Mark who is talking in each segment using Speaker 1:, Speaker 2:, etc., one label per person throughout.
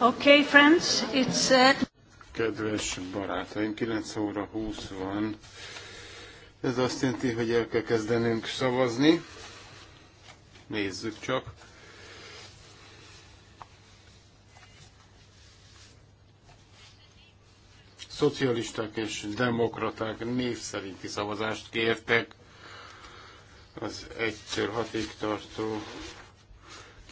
Speaker 1: Okay, friends, it's... Uh...
Speaker 2: Kedves barátaim, 9 óra 20 van. Ez azt jelenti, hogy el kell kezdenünk szavazni. Nézzük csak. Szocialisták és demokraták név szerinti szavazást kértek az egyszer től tartó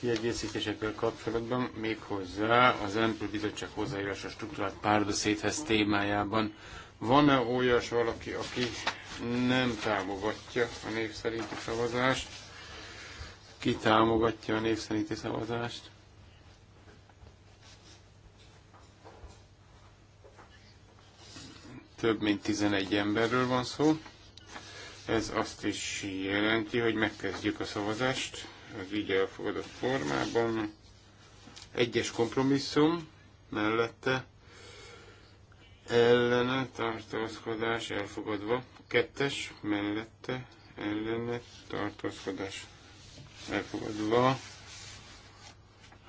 Speaker 2: kiegészítésekkel kapcsolatban, méghozzá az EMPL bizottság hozzáírás a struktúrált párbeszédhez témájában. Van-e olyas valaki, aki nem támogatja a név szerinti szavazást? Ki támogatja a név szerinti szavazást? Több mint 11 emberről van szó. Ez azt is jelenti, hogy megkezdjük a szavazást az így elfogadott formában. Egyes kompromisszum mellette ellene tartózkodás elfogadva. Kettes mellette ellene tartózkodás elfogadva.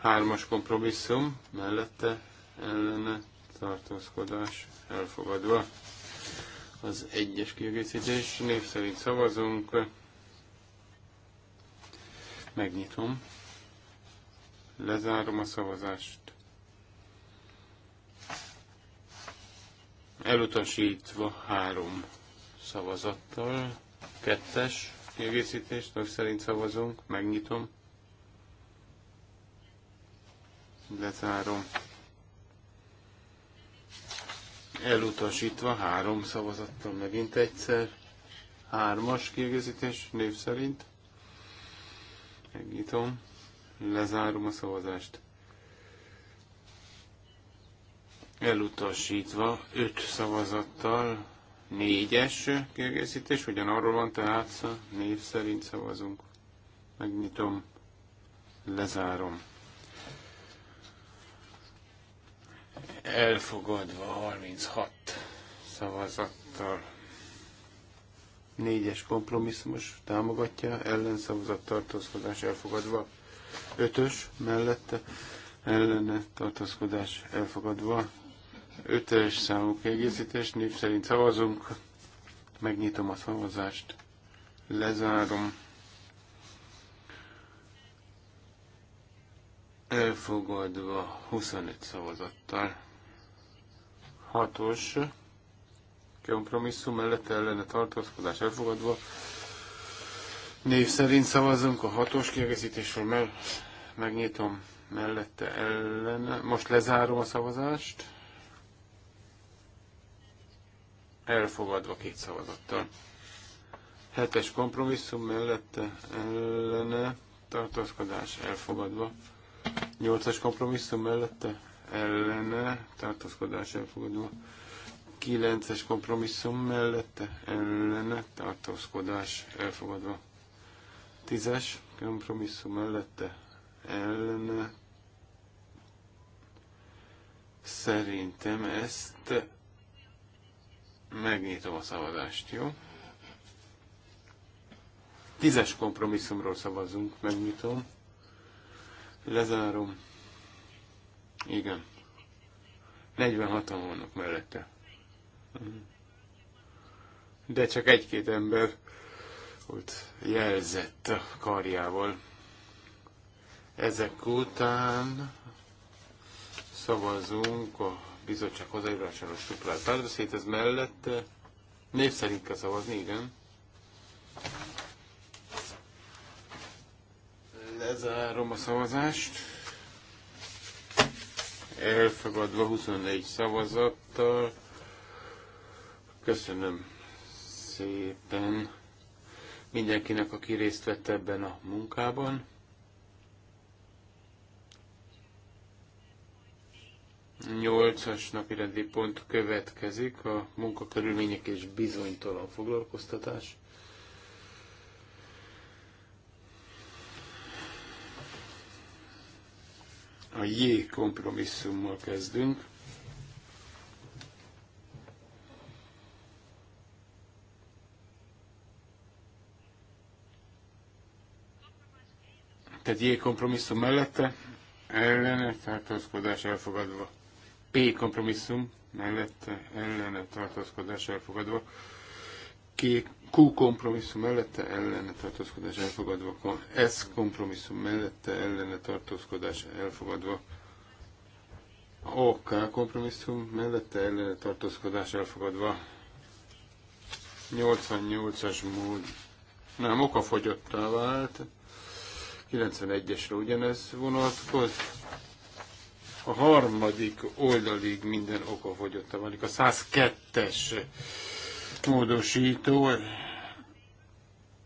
Speaker 2: Hármas kompromisszum mellette ellene tartózkodás elfogadva. Az egyes kiegészítés név szerint szavazunk. Megnyitom. Lezárom a szavazást. Elutasítva három szavazattal. Kettes kiegészítést, meg szerint szavazunk. Megnyitom. Lezárom. Elutasítva három szavazattal megint egyszer. Hármas kiegészítés név szerint. Megnyitom. Lezárom a szavazást. Elutasítva 5 szavazattal, 4-es kiegészítés, ugyanarról van, tehát név szerint szavazunk. Megnyitom, lezárom. Elfogadva 36 szavazattal négyes kompromisszumos támogatja, ellenszavazat tartózkodás elfogadva, ötös mellette ellene tartózkodás elfogadva, ötös számú kiegészítés, név szerint szavazunk, megnyitom a szavazást, lezárom, elfogadva 25 szavazattal, hatos kompromisszum mellette ellene tartózkodás elfogadva. Név szerint szavazzunk a hatos kiegészítésről, mert megnyitom mellette ellene. Most lezárom a szavazást. Elfogadva két szavazattal. Hetes kompromisszum mellette ellene tartózkodás elfogadva. Nyolcas kompromisszum mellette ellene tartózkodás elfogadva. 9-es kompromisszum mellette ellene tartózkodás elfogadva. 10-es kompromisszum mellette ellene szerintem ezt megnyitom a szavazást, jó? 10-es kompromisszumról szavazunk, megnyitom. Lezárom. Igen. 46-an vannak mellette de csak egy-két ember volt jelzett a karjával. Ezek után szavazunk a bizottság a struktúrált párbeszéd, ez mellett név szerint kell szavazni, igen. Lezárom a szavazást. Elfogadva 24 szavazattal. Köszönöm szépen mindenkinek, aki részt vett ebben a munkában. Nyolcas napi rendi pont következik, a munkakörülmények és bizonytalan foglalkoztatás. A J kompromisszummal kezdünk. Tehát J kompromisszum mellette ellene tartózkodás elfogadva. P kompromisszum mellette ellene tartózkodás elfogadva. K Q kompromisszum mellette ellene tartózkodás elfogadva. S kompromisszum mellette ellene tartózkodás elfogadva. OK kompromisszum mellette ellene tartózkodás elfogadva. 88-as mód nem okafogyottá vált. 91-esre ugyanez vonatkozik. A harmadik oldalig minden oka fogyott, a A 102-es módosító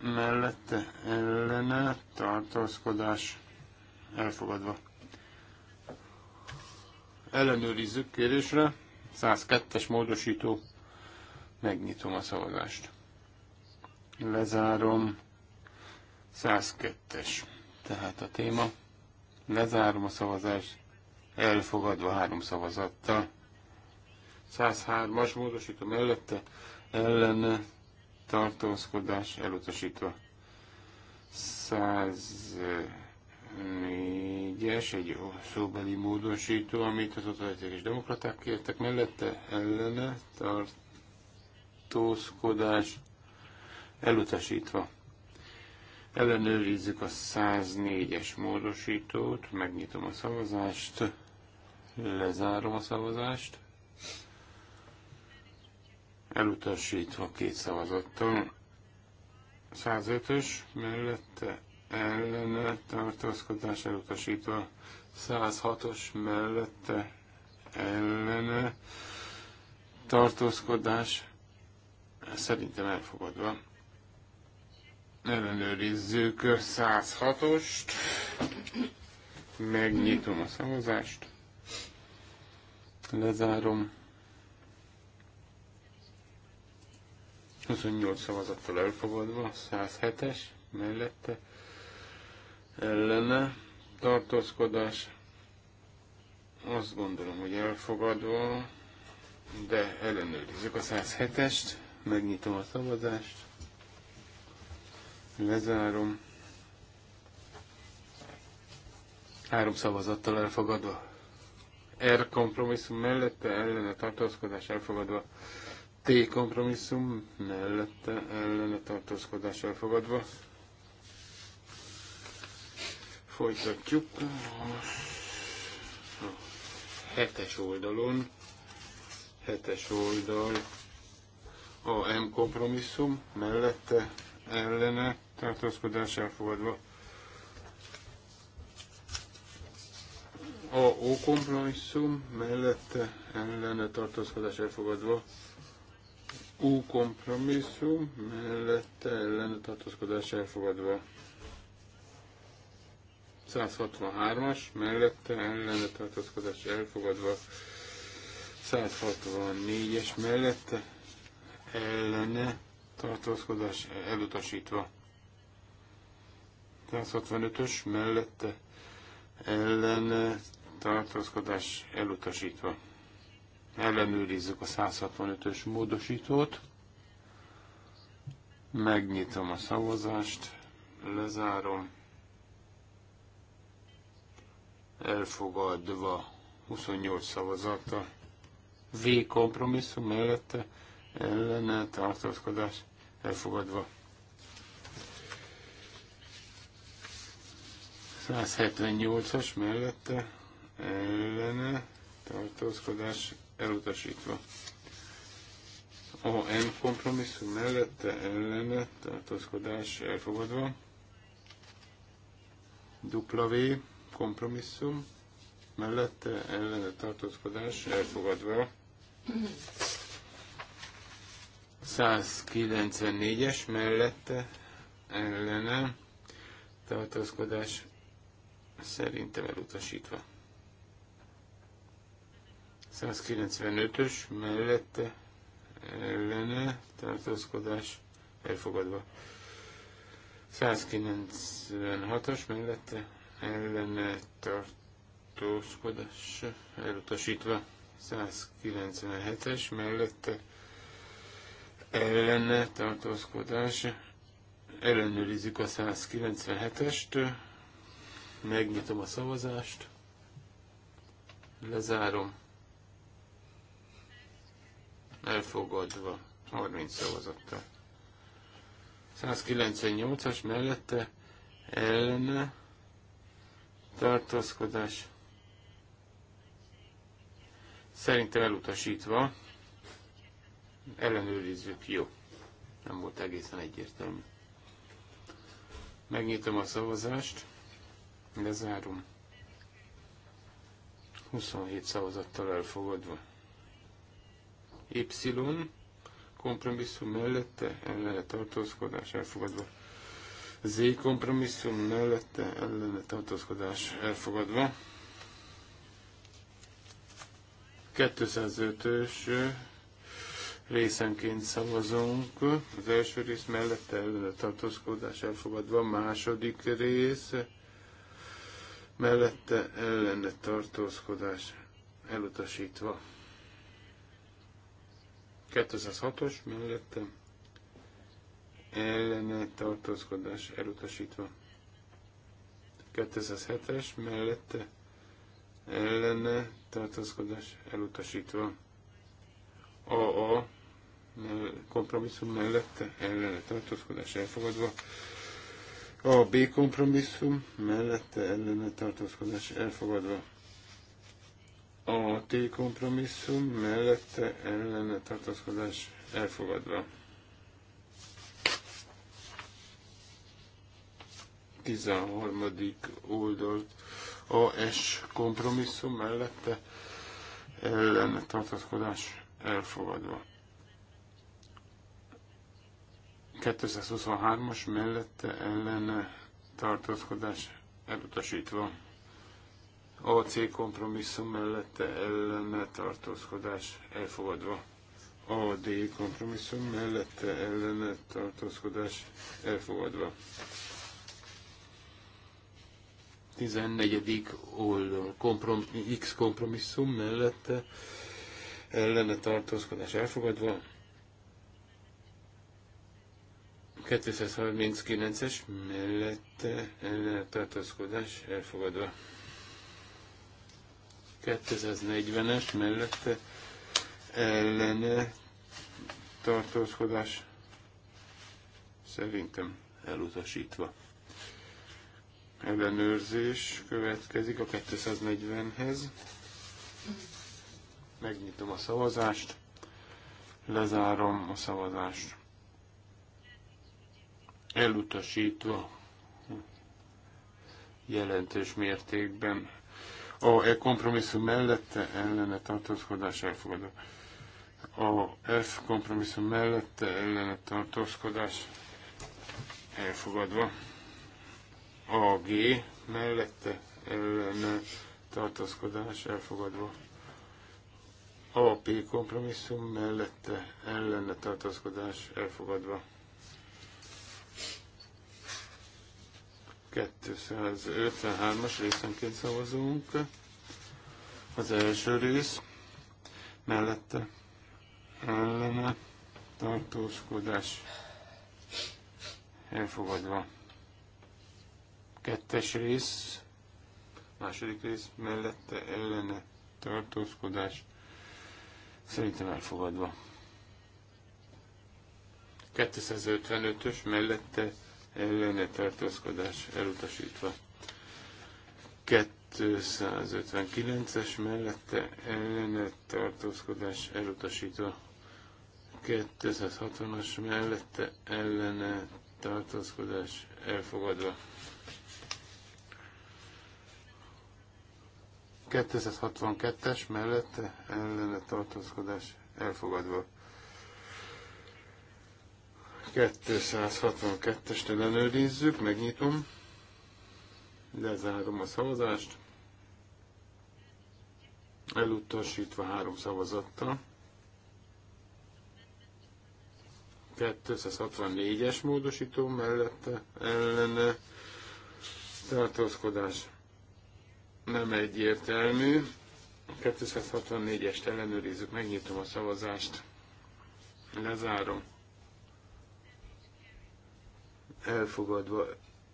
Speaker 2: mellette ellene tartózkodás elfogadva. Ellenőrizzük kérésre. 102-es módosító. Megnyitom a szavazást. Lezárom. 102-es. Tehát a téma. Lezárom a szavazás, Elfogadva három szavazattal. 103-as módosító mellette ellene tartózkodás elutasítva. 104-es, egy szóbeli módosító, amit az autoritek és demokraták kértek mellette, ellene tartózkodás elutasítva. Ellenőrizzük a 104-es módosítót, megnyitom a szavazást, lezárom a szavazást. Elutasítva két szavazattal. 105-ös mellette ellene tartózkodás elutasítva. 106-os mellette ellene tartózkodás szerintem elfogadva ellenőrizzük 106-ost, megnyitom a szavazást, lezárom, 28 szavazattal elfogadva, 107-es mellette, ellene, tartózkodás, azt gondolom, hogy elfogadva, de ellenőrizzük a 107-est, megnyitom a szavazást, Lezárom. Három szavazattal elfogadva. R kompromisszum mellette ellene tartózkodás elfogadva. T kompromisszum mellette ellene tartózkodás elfogadva. Folytatjuk a hetes oldalon. Hetes oldal a M kompromisszum mellette ellene tartózkodás elfogadva. A O kompromisszum mellette ellene tartózkodás elfogadva. U kompromisszum mellette ellene tartózkodás elfogadva. 163-as, mellette ellene tartózkodás elfogadva 164-es, mellette ellene tartózkodás elutasítva 165-ös mellette ellen tartózkodás elutasítva. Ellenőrizzük a 165-ös módosítót. Megnyitom a szavazást, lezárom. Elfogadva 28 szavazata. V kompromisszum mellette ellene tartózkodás elfogadva. 178-as mellette ellene tartózkodás elutasítva. n kompromisszum mellette ellene tartózkodás elfogadva. W kompromisszum mellette ellene tartózkodás elfogadva. 194-es mellette ellene tartózkodás Szerintem elutasítva. 195-ös mellette ellene tartózkodás elfogadva. 196-as mellette ellene tartózkodás elutasítva. 197-es mellette ellene tartózkodás ellenőrizzük a 197-est. Megnyitom a szavazást. Lezárom. Elfogadva. 30 szavazattal. 198-as mellette ellene tartózkodás. Szerintem elutasítva. Ellenőrizzük. Jó. Nem volt egészen egyértelmű. Megnyitom a szavazást. Lezárom. 27 szavazattal elfogadva. Y kompromisszum mellette ellene tartózkodás elfogadva. Z kompromisszum mellette ellene tartózkodás elfogadva. 205-ös részenként szavazunk. Az első rész mellette ellene tartózkodás elfogadva. Második rész mellette ellene tartózkodás elutasítva. 206-os mellette ellene tartózkodás elutasítva. 207-es mellette ellene tartózkodás elutasítva. a kompromisszum mellette ellene tartózkodás elfogadva. A B kompromisszum mellette ellene tartózkodás elfogadva. A T kompromisszum mellette ellene tartózkodás elfogadva. 13. oldalt a S kompromisszum mellette ellene tartózkodás elfogadva. 223-as mellette ellene tartózkodás elutasítva. AC kompromisszum mellette ellene tartózkodás elfogadva. AD kompromisszum mellette ellene tartózkodás elfogadva. 14. oldal komprom, X kompromisszum mellette ellene tartózkodás elfogadva. 239-es mellette ellene tartózkodás elfogadva. 240-es mellette ellene tartózkodás szerintem elutasítva. Ellenőrzés következik a 240-hez. Megnyitom a szavazást, lezárom a szavazást elutasítva jelentős mértékben. A e kompromisszum mellette ellene tartózkodás elfogadó. A F kompromisszum mellette ellene tartózkodás elfogadva. A G mellette ellene tartózkodás elfogadva. A P kompromisszum mellette ellene tartózkodás elfogadva. 253-as részenként szavazunk. Az első rész mellette ellene tartózkodás elfogadva. Kettes rész, második rész mellette ellene tartózkodás szerintem elfogadva. 255-ös mellette ellene tartózkodás elutasítva. 259-es mellette ellene tartózkodás elutasítva. 260-as mellette ellene tartózkodás elfogadva. 262-es mellette ellene tartózkodás elfogadva. 262-est ellenőrizzük, megnyitom, lezárom a szavazást, elutasítva három szavazattal. 264-es módosító mellette ellene tartózkodás nem egyértelmű. 264-est ellenőrizzük, megnyitom a szavazást, lezárom elfogadva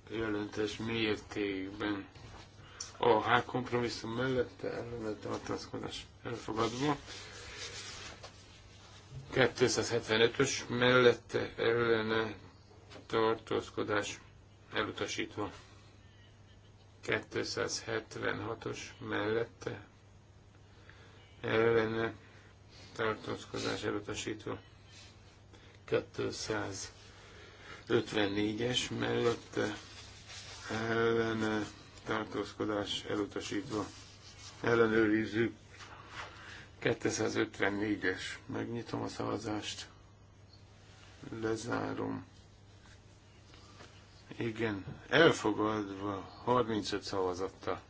Speaker 2: jelentés mértékben. A H kompromisszum mellette a tartózkodás elfogadva. 275-ös mellette ellene tartózkodás elutasítva. 276-os mellette ellene tartózkodás elutasítva. 200 54-es mellette ellen tartózkodás elutasítva. Ellenőrizzük. 254-es. Megnyitom a szavazást. Lezárom. Igen, elfogadva 35 szavazattal.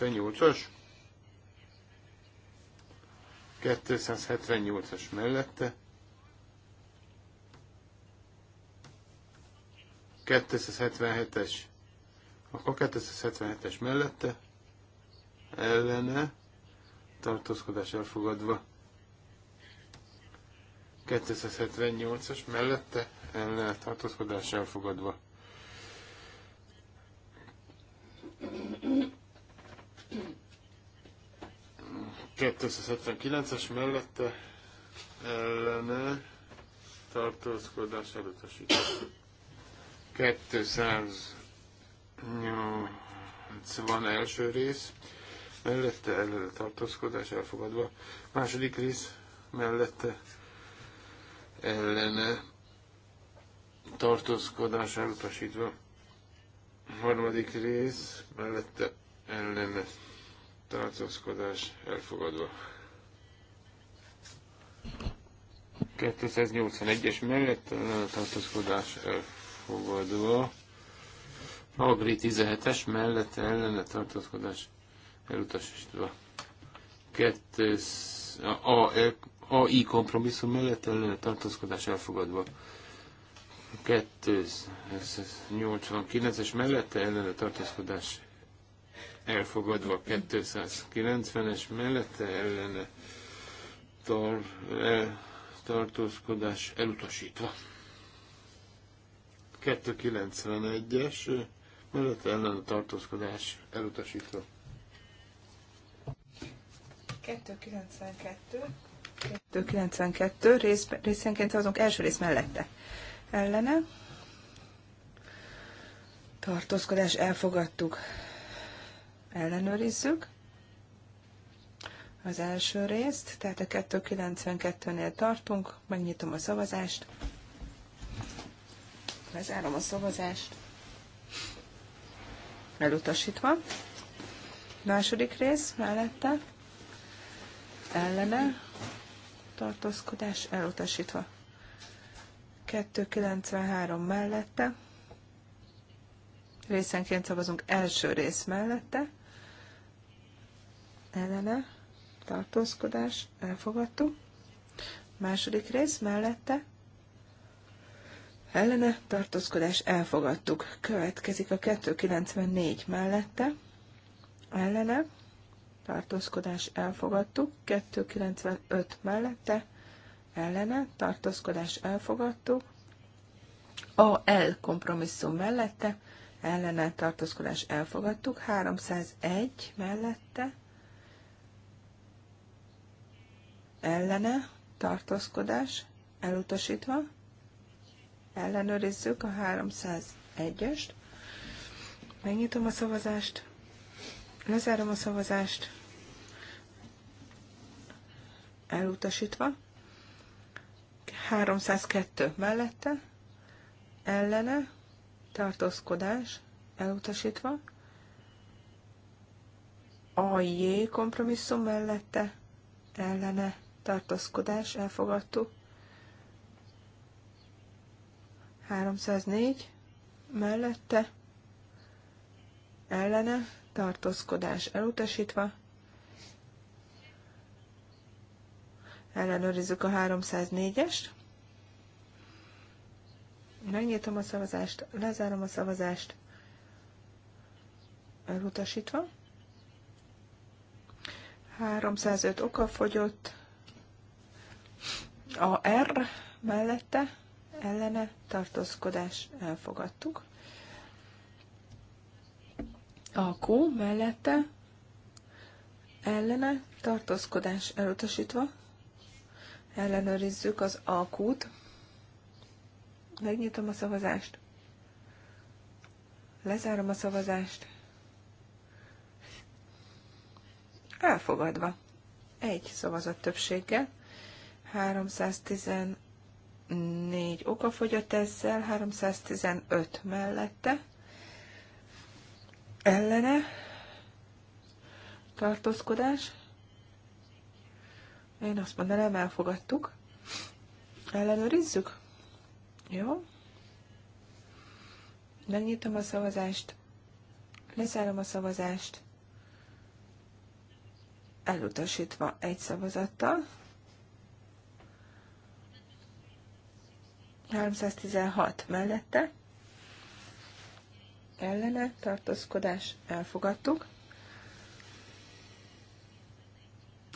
Speaker 2: nyújtos. 278-as mellette, 277-es, akkor 277-es mellette, ellene, tartózkodás elfogadva, 278-as mellette, ellene, tartózkodás elfogadva. 279-es mellette ellene tartózkodás elutasítás. 280 első rész mellette ellene tartózkodás elfogadva. Második rész mellette ellene tartózkodás elutasítva. Harmadik rész mellette ellene tartózkodás elfogadva. 281-es mellett tartózkodás elfogadva. Agri 17-es mellett ellene tartózkodás elutasítva. 2 a, AI kompromisszum mellett ellene tartózkodás elfogadva. 289-es mellette ellene tartózkodás elfogadva 290-es mellette ellene tar, el, tartózkodás elutasítva. 291-es mellette ellene tartózkodás elutasítva.
Speaker 3: 292. 292 rész, részenként azok első rész mellette. Ellene. Tartózkodás elfogadtuk ellenőrizzük az első részt, tehát a 292-nél tartunk, megnyitom a szavazást, lezárom a szavazást, elutasítva. Második rész mellette, ellene, tartózkodás elutasítva. 293 mellette, részenként szavazunk első rész mellette, ellene, tartózkodás, elfogadtuk. Második rész mellette, ellene, tartózkodás, elfogadtuk. Következik a 294 mellette, ellene, tartózkodás, elfogadtuk. 295 mellette, ellene, tartózkodás, elfogadtuk. A L kompromisszum mellette, ellene tartózkodás elfogadtuk, 301 mellette, ellene, tartózkodás, elutasítva, ellenőrizzük a 301-est, megnyitom a szavazást, lezárom a szavazást, elutasítva, 302 mellette, ellene, tartózkodás, elutasítva, a J kompromisszum mellette, ellene, tartózkodás, elfogadtuk. 304 mellette ellene tartózkodás elutasítva. Ellenőrizzük a 304-est. Megnyitom a szavazást, lezárom a szavazást, elutasítva. 305 oka fogyott, a R mellette ellene tartózkodás elfogadtuk. A Q mellette ellene tartózkodás elutasítva. Ellenőrizzük az AQ-t. Megnyitom a szavazást. Lezárom a szavazást. Elfogadva. Egy szavazat többséggel. 314 oka fogyott ezzel, 315 mellette, ellene, tartózkodás, én azt mondanám, elfogadtuk, ellenőrizzük, jó, megnyitom a szavazást, Leszállom a szavazást, elutasítva egy szavazattal, 316 mellette ellene tartózkodás elfogadtuk.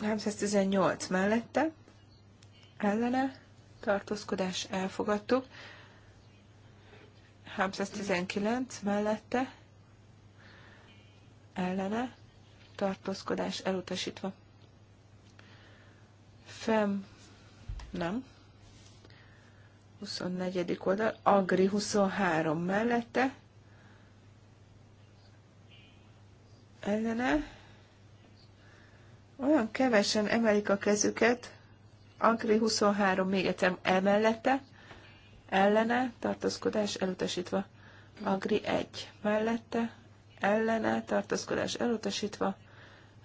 Speaker 3: 318 mellette ellene tartózkodás elfogadtuk. 319 mellette ellene tartózkodás elutasítva. Fem nem. 24. oldal, Agri 23 mellette, ellene, olyan kevesen emelik a kezüket, Agri 23 még egyszer emellette, ellene, tartózkodás elutasítva. Agri 1 mellette, ellene, tartózkodás elutasítva.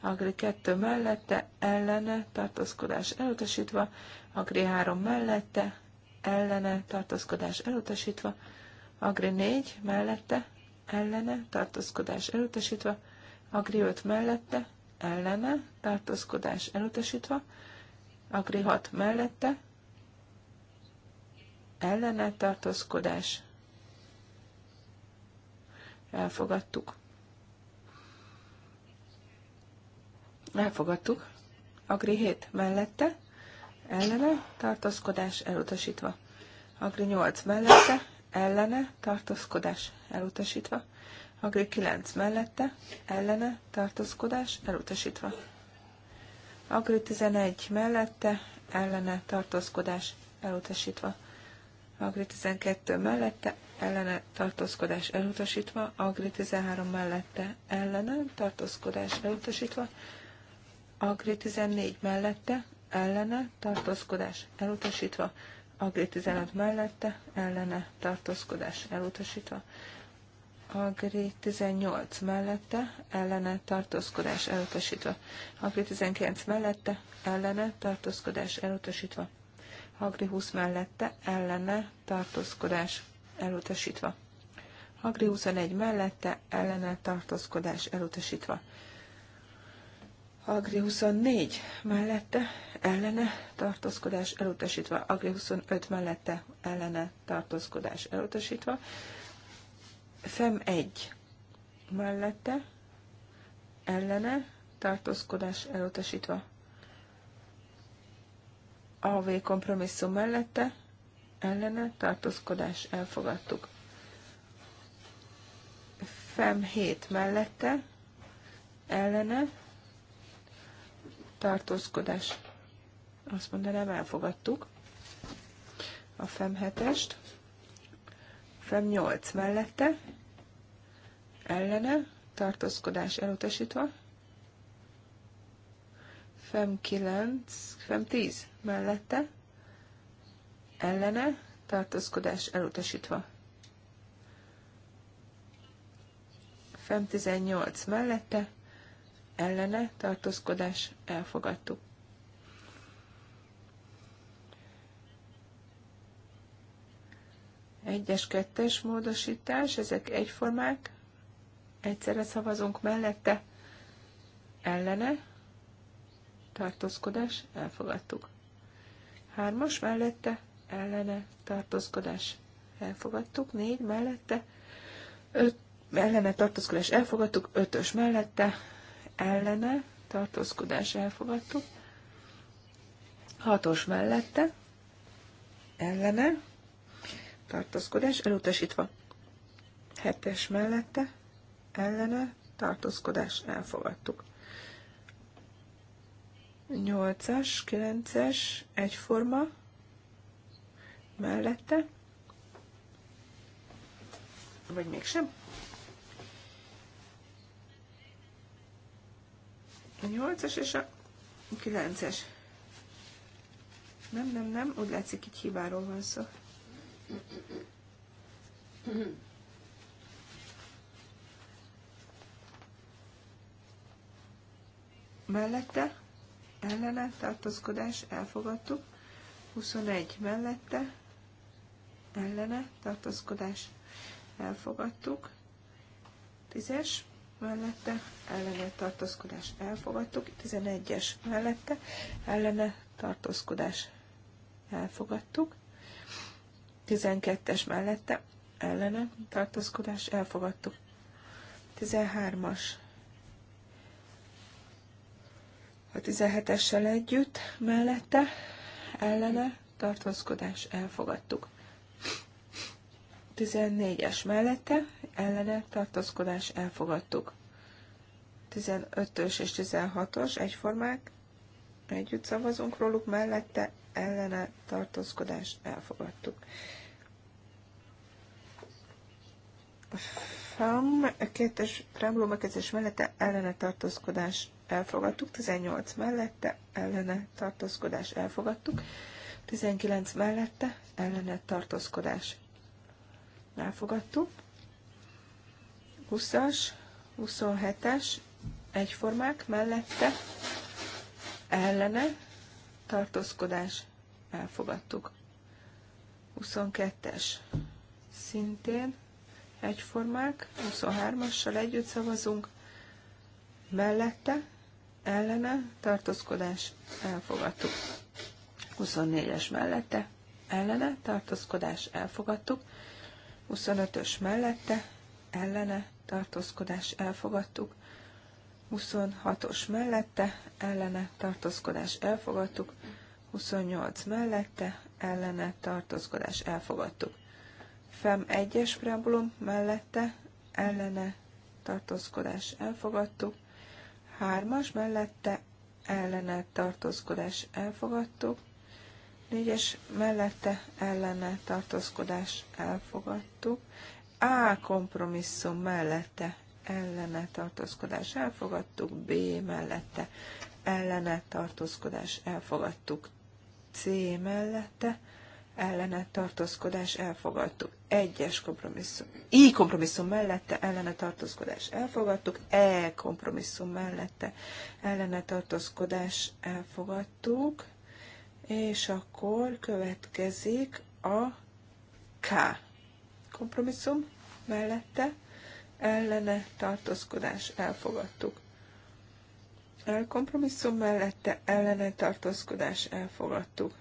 Speaker 3: Agri 2 mellette, ellene, tartózkodás elutasítva. Agri 3 mellette, ellene tartózkodás elutasítva, Agri 4 mellette, ellene tartózkodás elutasítva, Agri 5 mellette, ellene tartózkodás elutasítva, Agri 6 mellette, ellene tartózkodás elfogadtuk. Elfogadtuk. Agri 7 mellette, ellene, tartózkodás elutasítva. Agri 8 mellette, ellene, tartózkodás elutasítva. Agri 9 mellette, ellene, tartózkodás elutasítva. Agri 11 mellette, ellene, tartózkodás elutasítva. Agri 12 mellette, ellene, tartózkodás elutasítva. Agri 13 mellette, ellene, tartózkodás elutasítva. Agri 14 mellette, ellene tartózkodás elutasítva, Agri 15 mellette ellene tartózkodás elutasítva, Agri 18 mellette ellene tartózkodás elutasítva, Agri 19 mellette ellene tartózkodás elutasítva, Agri 20 mellette ellene tartózkodás elutasítva, Agri 21 mellette ellene tartózkodás elutasítva. Agri 24 mellette ellene tartózkodás elutasítva, Agri 25 mellette ellene tartózkodás elutasítva, FEM 1 mellette ellene tartózkodás elutasítva, AV kompromisszum mellette ellene tartózkodás elfogadtuk. FEM 7 mellette ellene tartózkodás. Azt mondanám, elfogadtuk a FEM 7-est, FEM 8 mellette, ellene, tartózkodás elutasítva, FEM 9, FEM 10 mellette, ellene, tartózkodás elutasítva. FEM 18 mellette, ellene tartózkodás elfogadtuk. Egyes, kettes módosítás, ezek egyformák. Egyszerre szavazunk mellette, ellene tartózkodás elfogadtuk. Hármas mellette, ellene tartózkodás elfogadtuk. Négy mellette, öt ellene tartózkodás elfogadtuk, ötös mellette, ellene, tartózkodás elfogadtuk. Hatos mellette, ellene, tartózkodás elutasítva. Hetes mellette, ellene, tartózkodás elfogadtuk. 8-as, 9-es, egyforma, mellette, vagy mégsem. a 8-as és a 9-es. Nem, nem, nem, úgy látszik, itt hibáról van szó. Mellette, ellene, tartózkodás, elfogadtuk. 21 mellette, ellene, tartózkodás, elfogadtuk. 10-es mellette, ellene tartózkodás elfogadtuk, 11-es mellette, ellene tartózkodás elfogadtuk, 12-es mellette, ellene tartózkodás elfogadtuk, 13-as a 17-essel együtt mellette, ellene tartózkodás elfogadtuk. 14-es mellette ellene tartózkodás elfogadtuk. 15-ös és 16-os egyformák, együtt szavazunk róluk, mellette ellene tartózkodás elfogadtuk. FAM, kettes preambulum bekezdés mellette ellene tartózkodás elfogadtuk, 18 mellette ellene tartózkodás elfogadtuk, 19 mellette ellene tartózkodás elfogadtuk. 20-as, 27-es, egyformák mellette, ellene, tartózkodás, elfogadtuk. 22-es, szintén egyformák, 23-assal együtt szavazunk, mellette, ellene, tartózkodás, elfogadtuk. 24-es mellette, ellene, tartózkodás, elfogadtuk. 25-ös mellette, ellene, tartózkodás elfogadtuk. 26-os mellette, ellene, tartózkodás elfogadtuk. 28 mellette, ellene, tartózkodás elfogadtuk. FEM 1-es preambulum mellette, ellene, tartózkodás elfogadtuk. 3-as mellette, ellene, tartózkodás elfogadtuk. Négyes mellette ellene tartózkodás elfogadtuk. A kompromisszum mellette ellene tartózkodás elfogadtuk. B mellette ellene tartózkodás elfogadtuk. C mellette ellene tartózkodás elfogadtuk. Egyes kompromisszum. I kompromisszum mellette ellene tartózkodás elfogadtuk. E kompromisszum mellette ellene tartózkodás elfogadtuk. És akkor következik a K kompromisszum mellette ellene tartózkodás elfogadtuk. Elkompromisszum mellette ellene tartózkodás elfogadtuk.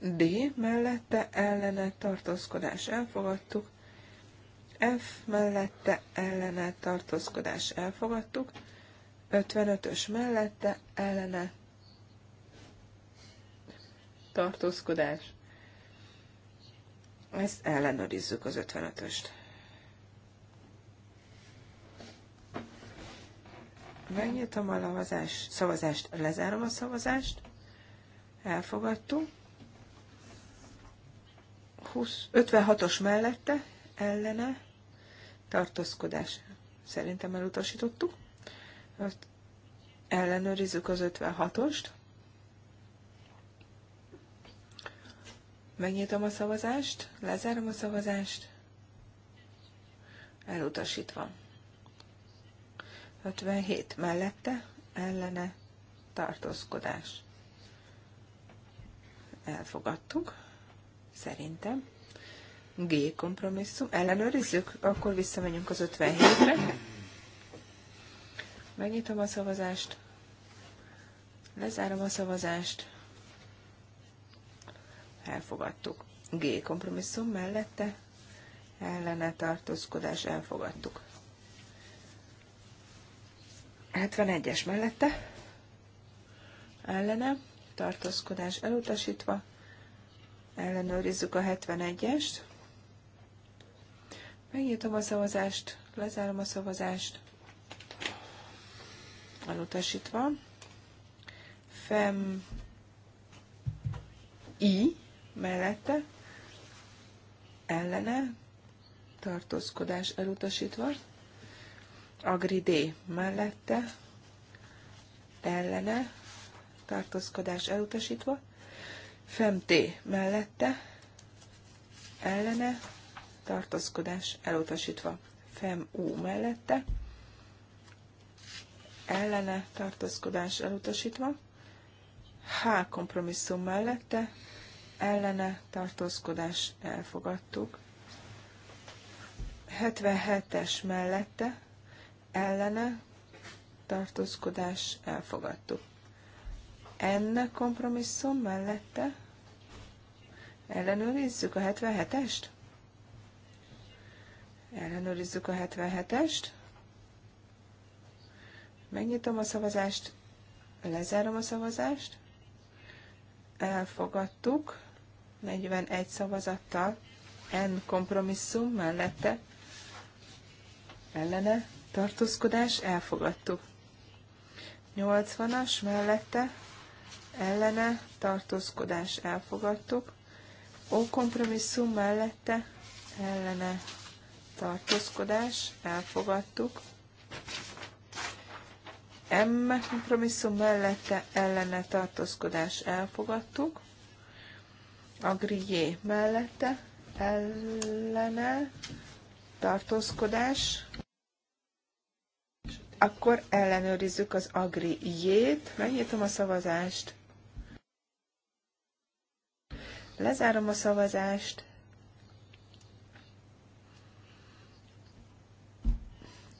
Speaker 3: D mellette ellene tartózkodás elfogadtuk. F mellette ellene tartózkodás elfogadtuk. 55-ös mellette ellene tartózkodás. Ezt ellenőrizzük az 55-öst. Megnyitom a lavazás, szavazást, lezárom a szavazást, elfogadtuk. 56-os mellette, ellene, tartózkodás. Szerintem elutasítottuk. Ellenőrizzük az 56-ost. Megnyitom a szavazást, lezárom a szavazást. Elutasítva. 57 mellette, ellene, tartózkodás. Elfogadtuk, szerintem. G kompromisszum. Ellenőrizzük, akkor visszamegyünk az 57-re. Megnyitom a szavazást. Lezárom a szavazást elfogadtuk. G kompromisszum mellette ellene tartózkodás elfogadtuk. 71-es mellette ellene tartózkodás elutasítva ellenőrizzük a 71-est. Megnyitom a szavazást, lezárom a szavazást. Elutasítva. Fem I mellette, ellene, tartózkodás elutasítva, agridé mellette, ellene, tartózkodás elutasítva, femté mellette, ellene, tartózkodás elutasítva, FEMU mellette, ellene, tartózkodás elutasítva, H kompromisszum mellette, ellene tartózkodás elfogadtuk. 77-es mellette ellene tartózkodás elfogadtuk. Enne kompromisszum mellette ellenőrizzük a 77-est. Ellenőrizzük a 77-est. Megnyitom a szavazást, lezárom a szavazást. Elfogadtuk. 41 szavazattal, N kompromisszum mellette, ellene, tartózkodás, elfogadtuk. 80-as mellette, ellene, tartózkodás, elfogadtuk. O kompromisszum mellette, ellene, tartózkodás, elfogadtuk. M kompromisszum mellette ellene tartózkodás elfogadtuk a grillé mellette, ellene, tartózkodás, akkor ellenőrizzük az agri jét, megnyitom a szavazást, lezárom a szavazást,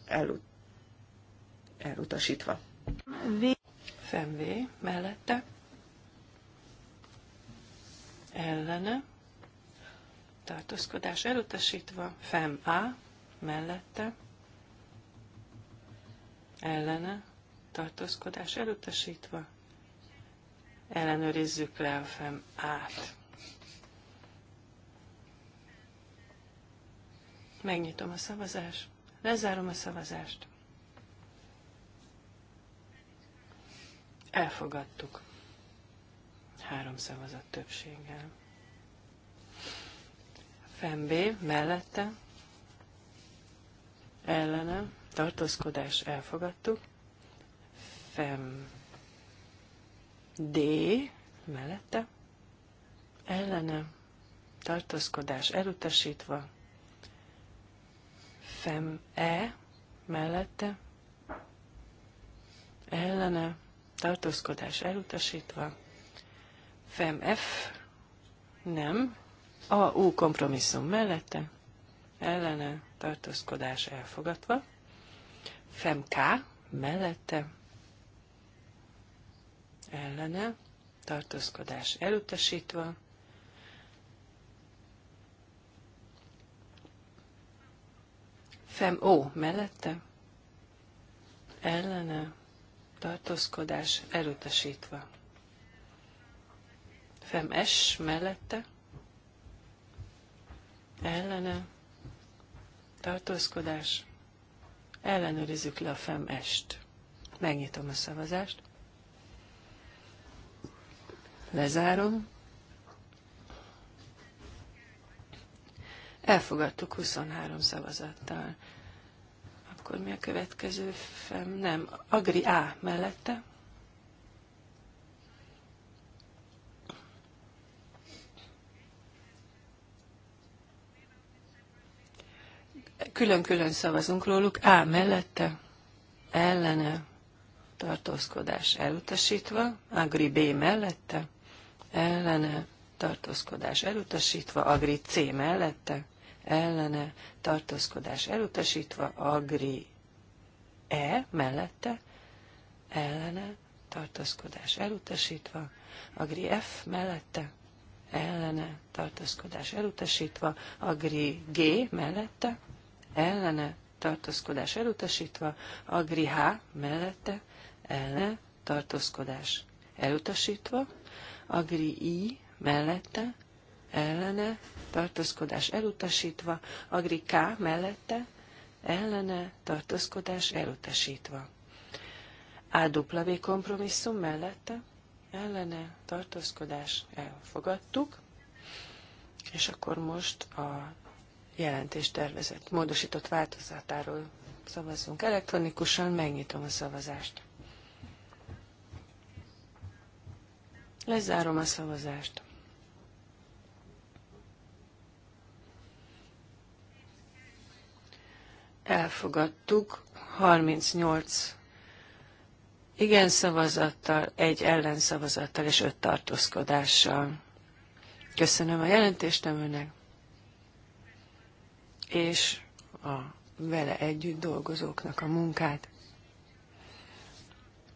Speaker 3: elut- elutasítva.
Speaker 1: V. Fenvé mellette ellene, tartózkodás elutasítva, fem A, mellette, ellene, tartózkodás elutasítva, ellenőrizzük le a fem át. Megnyitom a szavazást, lezárom a szavazást. Elfogadtuk három szavazat többséggel. Fembé mellette ellene tartózkodás elfogadtuk. Fem D mellette ellene tartózkodás elutasítva. Fem E mellette ellene tartózkodás elutasítva. FMF nem. A U kompromisszum mellette ellene tartózkodás elfogadva. FMK mellette ellene tartózkodás elutasítva. Fem ó mellette ellene tartózkodás elutasítva. S mellette ellene tartózkodás. Ellenőrizzük le a fem t Megnyitom a szavazást. Lezárom. Elfogadtuk 23 szavazattal. Akkor mi a következő? Fem? Nem, Agri A mellette. külön-külön szavazunk róluk, A mellette, ellene, tartózkodás elutasítva, Agri B mellette, ellene, tartózkodás elutasítva, Agri C mellette, ellene, tartózkodás elutasítva, Agri E mellette, ellene, tartózkodás elutasítva, Agri F mellette, ellene, tartózkodás elutasítva, Agri G mellette, ellene tartózkodás elutasítva, Agri H mellette ellene tartózkodás elutasítva, Agri I mellette ellene tartózkodás elutasítva, Agri K mellette ellene tartózkodás elutasítva. A AW kompromisszum mellette ellene tartózkodás elfogadtuk, és akkor most a jelentéstervezet módosított változatáról szavazzunk elektronikusan, megnyitom a szavazást. Lezárom a szavazást. Elfogadtuk 38 igen szavazattal, egy ellen szavazattal és öt tartózkodással. Köszönöm a jelentést, önnek és a vele együtt dolgozóknak a munkát.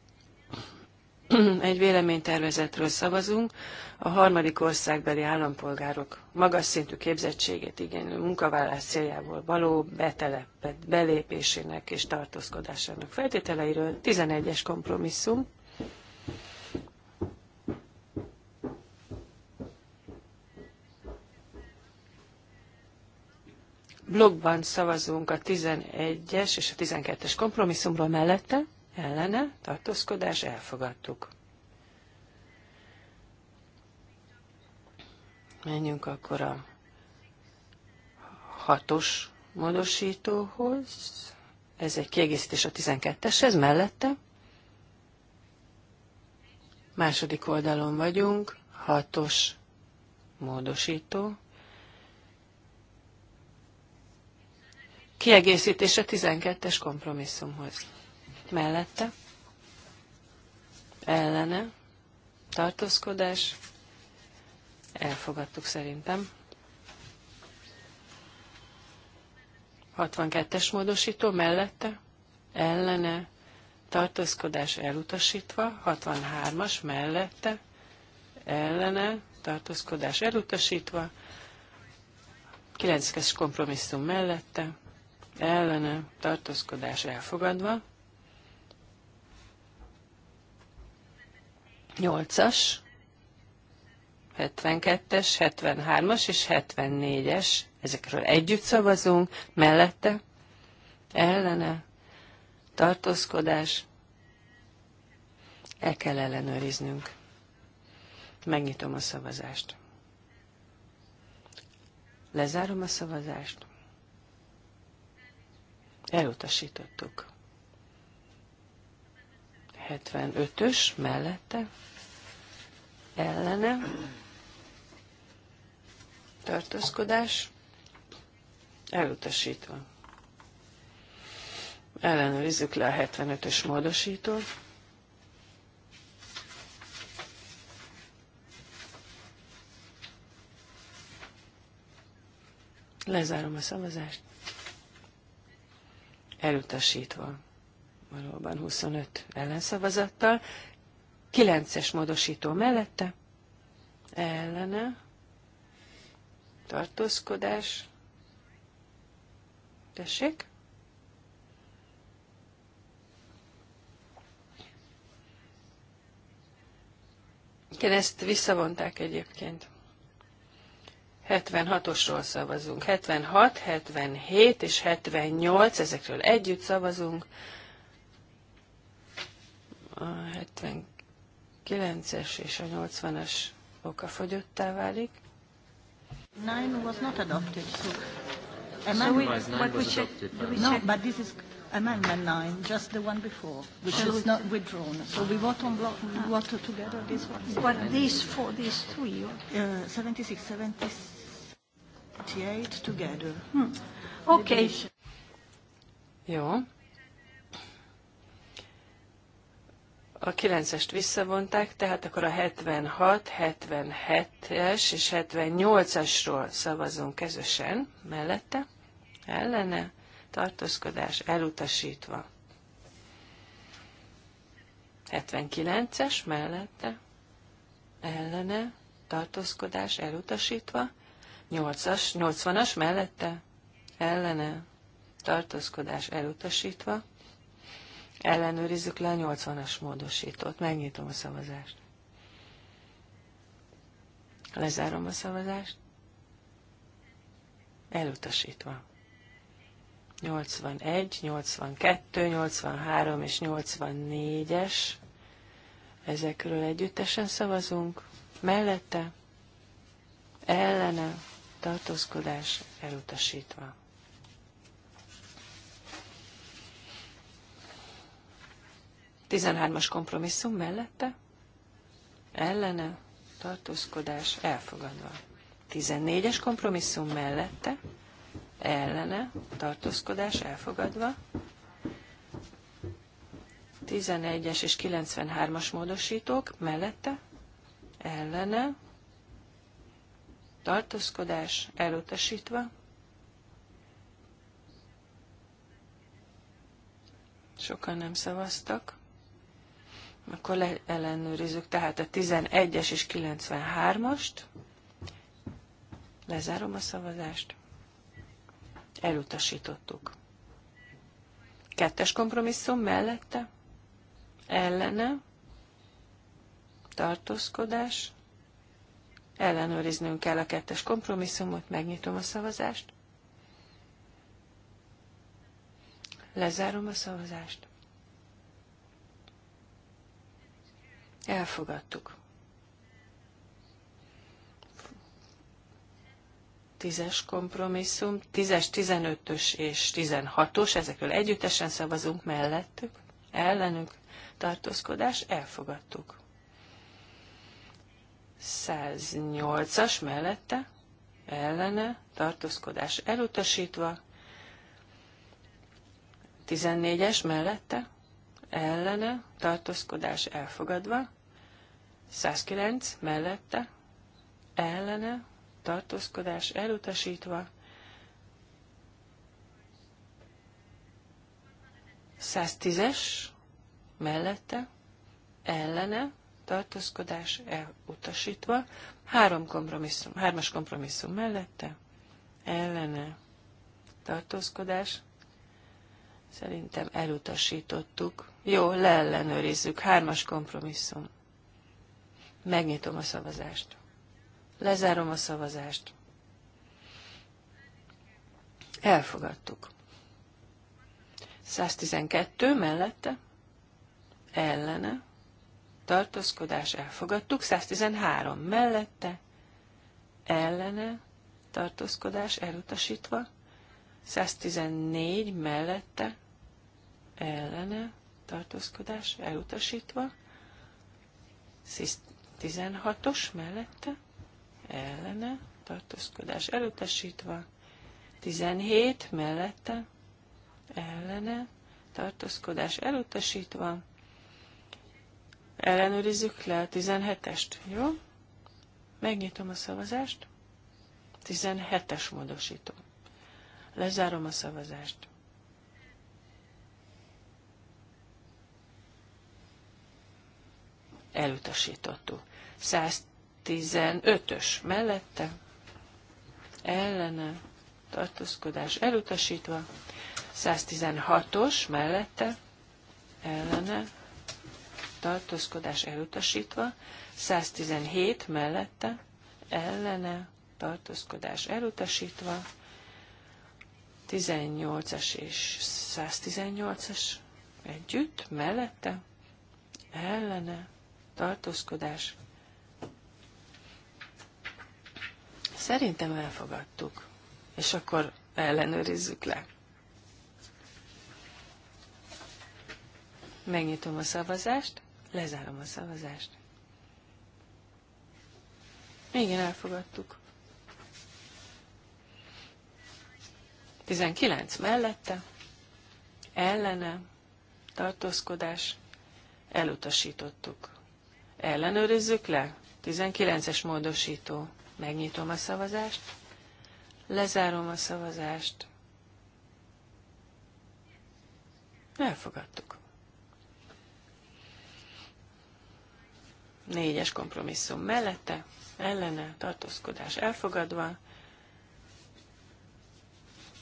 Speaker 1: Egy véleménytervezetről szavazunk, a harmadik országbeli állampolgárok magas szintű képzettségét igénylő munkavállás céljából való betelepet, belépésének és tartózkodásának feltételeiről 11-es kompromisszum. Blogban szavazunk a 11-es és a 12-es kompromisszumról mellette, ellene, tartózkodás, elfogadtuk. Menjünk akkor a hatos módosítóhoz. Ez egy kiegészítés a 12 ez mellette. Második oldalon vagyunk, hatos módosító. kiegészítése 12-es kompromisszumhoz. Mellette, ellene, tartózkodás, elfogadtuk szerintem. 62-es módosító mellette, ellene, tartózkodás elutasítva, 63-as mellette, ellene, tartózkodás elutasítva, 9-es kompromisszum mellette, ellene tartózkodás elfogadva. 8-as, 72-es, 73-as és 74-es, ezekről együtt szavazunk, mellette, ellene, tartózkodás, el kell ellenőriznünk. Megnyitom a szavazást. Lezárom a szavazást. Elutasítottuk. 75-ös mellette ellene tartózkodás elutasítva. Ellenőrizzük le a 75-ös módosítót. Lezárom a szavazást elutasítva valóban 25 ellenszavazattal, 9-es módosító mellette, ellene, tartózkodás, tessék, Igen, ezt visszavonták egyébként. 76-osról szavazunk. 76, 77 és 78, ezekről együtt szavazunk. A 79-es és a 80-as fogyottá válik. nine was not adopted, so amendment, so what we should, no, but this is amendment nine, just the one before, which so is not withdrawn. So we vote on block, we vote together this one. But these
Speaker 3: four, these three, uh, 76,
Speaker 1: 76. 88 together.
Speaker 3: Hmm. Okay.
Speaker 1: Jó. A 9-est visszavonták, tehát akkor a 76, 77-es és 78-asról szavazunk közösen, mellette, ellene, tartózkodás elutasítva. 79-es mellette, ellene, tartózkodás elutasítva, 8-as, 80-as mellette ellene tartózkodás elutasítva. Ellenőrizzük le a 80-as módosítót. Megnyitom a szavazást. Lezárom a szavazást. Elutasítva. 81, 82, 83 és 84-es. Ezekről együttesen szavazunk. Mellette, ellene, tartózkodás elutasítva. Tizenhármas kompromisszum mellette, ellene, tartózkodás elfogadva. Tizennégyes kompromisszum mellette, ellene, tartózkodás elfogadva. 11-es és 93-as módosítók mellette, ellene, tartózkodás elutasítva. Sokan nem szavaztak. Akkor ellenőrizzük tehát a 11-es és 93-ast. Lezárom a szavazást. Elutasítottuk. Kettes kompromisszum mellette, ellene, tartózkodás, Ellenőriznünk kell a kettes kompromisszumot, megnyitom a szavazást. Lezárom a szavazást. Elfogadtuk. Tízes kompromisszum, tízes, tizenötös és tizenhatos, ezekről együttesen szavazunk mellettük, ellenük tartózkodás, elfogadtuk. 108-as mellette, ellene, tartózkodás elutasítva, 14-es mellette, ellene, tartózkodás elfogadva, 109 mellette, ellene, tartózkodás elutasítva, 110-es mellette, ellene, tartózkodás elutasítva, három kompromisszum, hármas kompromisszum mellette, ellene tartózkodás, szerintem elutasítottuk. Jó, leellenőrizzük, hármas kompromisszum. Megnyitom a szavazást. Lezárom a szavazást. Elfogadtuk. 112 mellette, ellene, tartózkodás elfogadtuk, 113 mellette, ellene, tartózkodás elutasítva, 114 mellette, ellene, tartózkodás elutasítva, 16-os mellette, ellene, tartózkodás elutasítva, 17 mellette, ellene, tartózkodás elutasítva, Ellenőrizzük le a 17-est, jó? Megnyitom a szavazást. 17-es módosító. Lezárom a szavazást. Elutasítottuk. 115-ös mellette, ellene, tartózkodás elutasítva, 116-os mellette, ellene, tartózkodás elutasítva, 117 mellette, ellene, tartózkodás elutasítva, 18-as és 118-as együtt, mellette, ellene, tartózkodás. Szerintem elfogadtuk, és akkor ellenőrizzük le. Megnyitom a szavazást. Lezárom a szavazást. Igen, elfogadtuk. 19 mellette, ellene, tartózkodás, elutasítottuk. Ellenőrizzük le. 19-es módosító. Megnyitom a szavazást. Lezárom a szavazást. Elfogadtuk. Négyes kompromisszum mellette, ellene, tartózkodás elfogadva.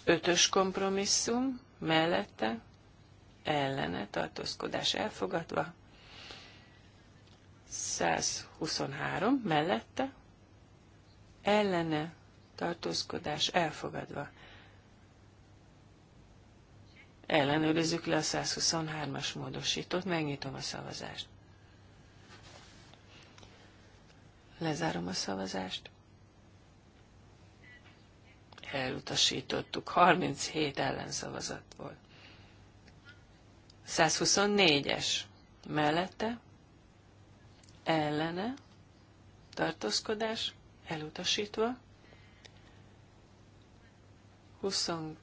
Speaker 1: Ötös kompromisszum mellette, ellene, tartózkodás elfogadva. 123 mellette, ellene, tartózkodás elfogadva. Ellenőrizzük le a 123-as módosítót, megnyitom a szavazást. Lezárom a szavazást. Elutasítottuk. 37 ellenszavazat volt. 124-es. Mellette. Ellene. Tartózkodás. Elutasítva. 22-es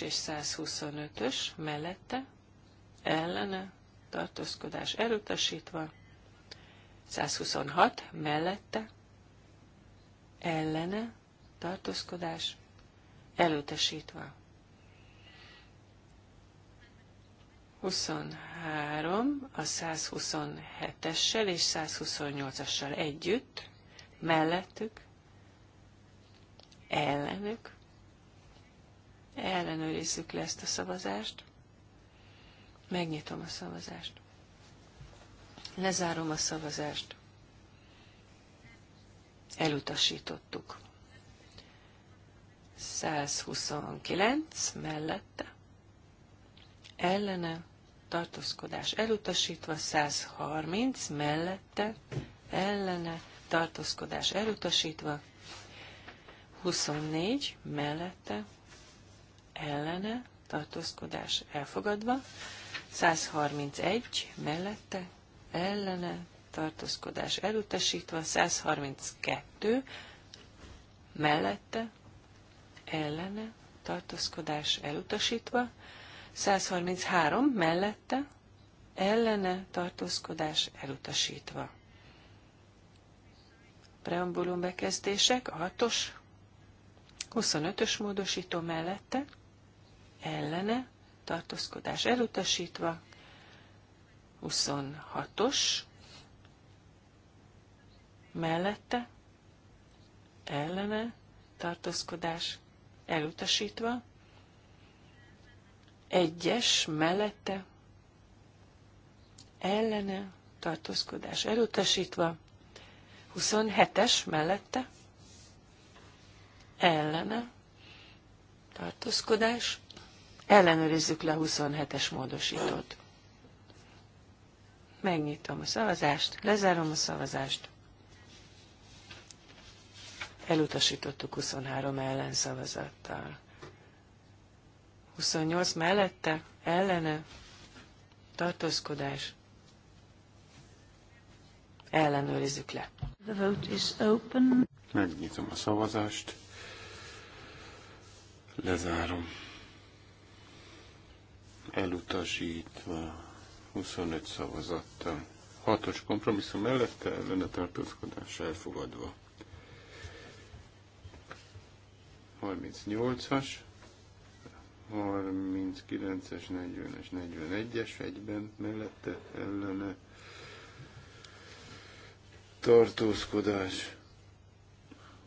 Speaker 1: és 125-ös. Mellette. Ellene. Tartózkodás. Elutasítva. 126 mellette, ellene, tartózkodás, elutasítva. 23 a 127-essel és 128-assal együtt, mellettük, ellenük, ellenőrizzük le ezt a szavazást, megnyitom a szavazást. Lezárom a szavazást. Elutasítottuk. 129 mellette. Ellene tartózkodás elutasítva, 130 mellette, ellene, tartózkodás elutasítva, 24 mellette, ellene, tartózkodás elfogadva, 131 mellette, ellene tartózkodás elutasítva, 132 mellette ellene tartózkodás elutasítva, 133 mellette ellene tartózkodás elutasítva. Preambulum bekezdések, a 6-os, 25-ös módosító mellette, ellene, tartózkodás elutasítva, 26-os mellette ellene tartózkodás elutasítva, egyes mellette ellene tartózkodás elutasítva, 27-es mellette ellene tartózkodás, ellenőrizzük le 27-es módosítót. Megnyitom a szavazást, lezárom a szavazást. Elutasítottuk 23 ellenszavazattal. 28 mellette, ellene, tartózkodás. Ellenőrizzük le. The vote is open.
Speaker 2: Megnyitom a szavazást. Lezárom. Elutasítva 25 szavazattal. 6 kompromisszum mellette ellene tartózkodás elfogadva. 38-as, 39-es, 40-es, 41-es egyben mellette ellene tartózkodás.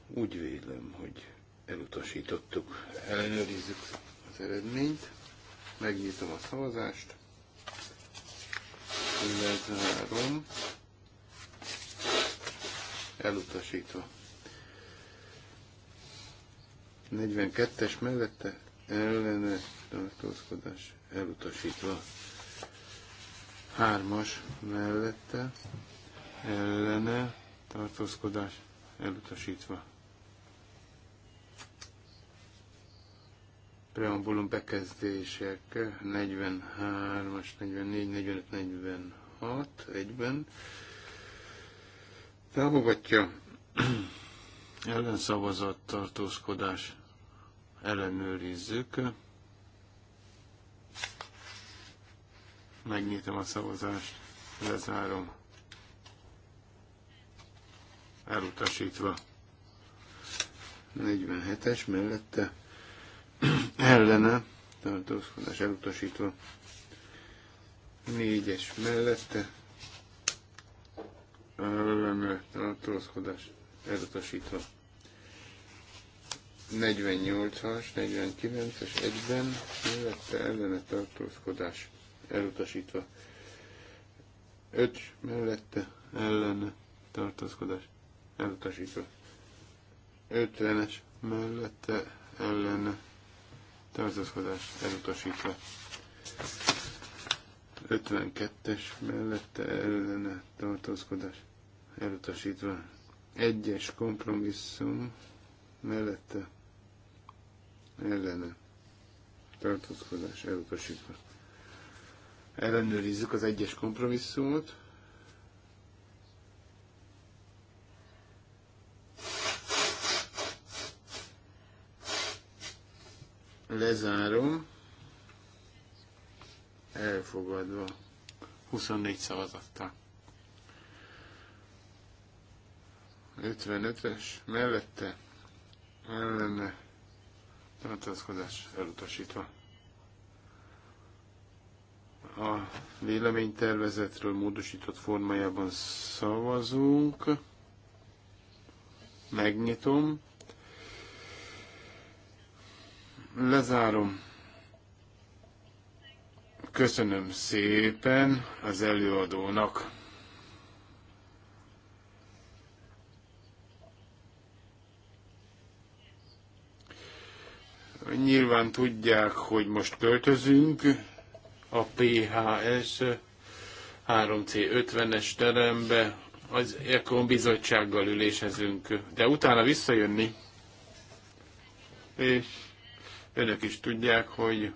Speaker 2: Úgy vélem, hogy elutasítottuk. Ellenőrizzük az eredményt. Megnyitom a szavazást lezárom, elutasítva. 42-es mellette ellene tartózkodás elutasítva. 3-as mellette ellene tartózkodás elutasítva. preambulum bekezdések 43-as, 44, 45, 46 egyben támogatja ellenszavazat tartózkodás ellenőrizzük. Megnyitom a szavazást, lezárom. Elutasítva. 47-es mellette ellene tartózkodás elutasítva. Négyes mellette ellene tartózkodás elutasítva. 48-as, 49-es egyben mellette ellene tartózkodás elutasítva. 5 mellette ellene tartózkodás elutasítva. 50-es mellette ellene tartózkodás elutasítva. 52-es mellette ellene tartózkodás elutasítva. Egyes kompromisszum mellette ellene tartózkodás elutasítva. Ellenőrizzük az egyes kompromisszumot. Lezárom. Elfogadva. 24 szavazattal. 55-es mellette ellene tartózkodás elutasítva. A véleménytervezetről módosított formájában szavazunk. Megnyitom. Lezárom. Köszönöm szépen az előadónak. Nyilván tudják, hogy most költözünk a PHS 3C50-es terembe, az Ekon bizottsággal ülésezünk, de utána visszajönni, és Önök is tudják, hogy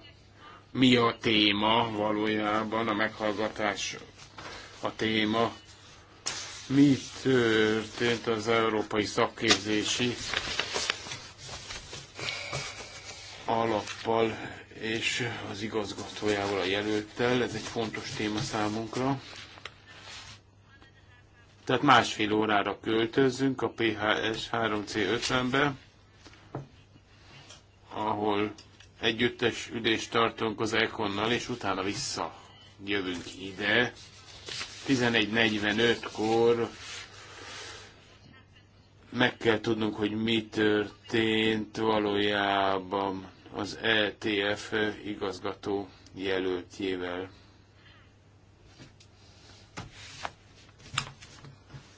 Speaker 2: mi a téma valójában, a meghallgatás a téma. Mi történt az európai szakképzési alappal és az igazgatójával, a jelölttel. Ez egy fontos téma számunkra. Tehát másfél órára költözzünk a PHS 3C50-be ahol együttes üdést tartunk az Ekonnal, és utána vissza jövünk ide. 11.45-kor meg kell tudnunk, hogy mi történt valójában az ETF igazgató jelöltjével.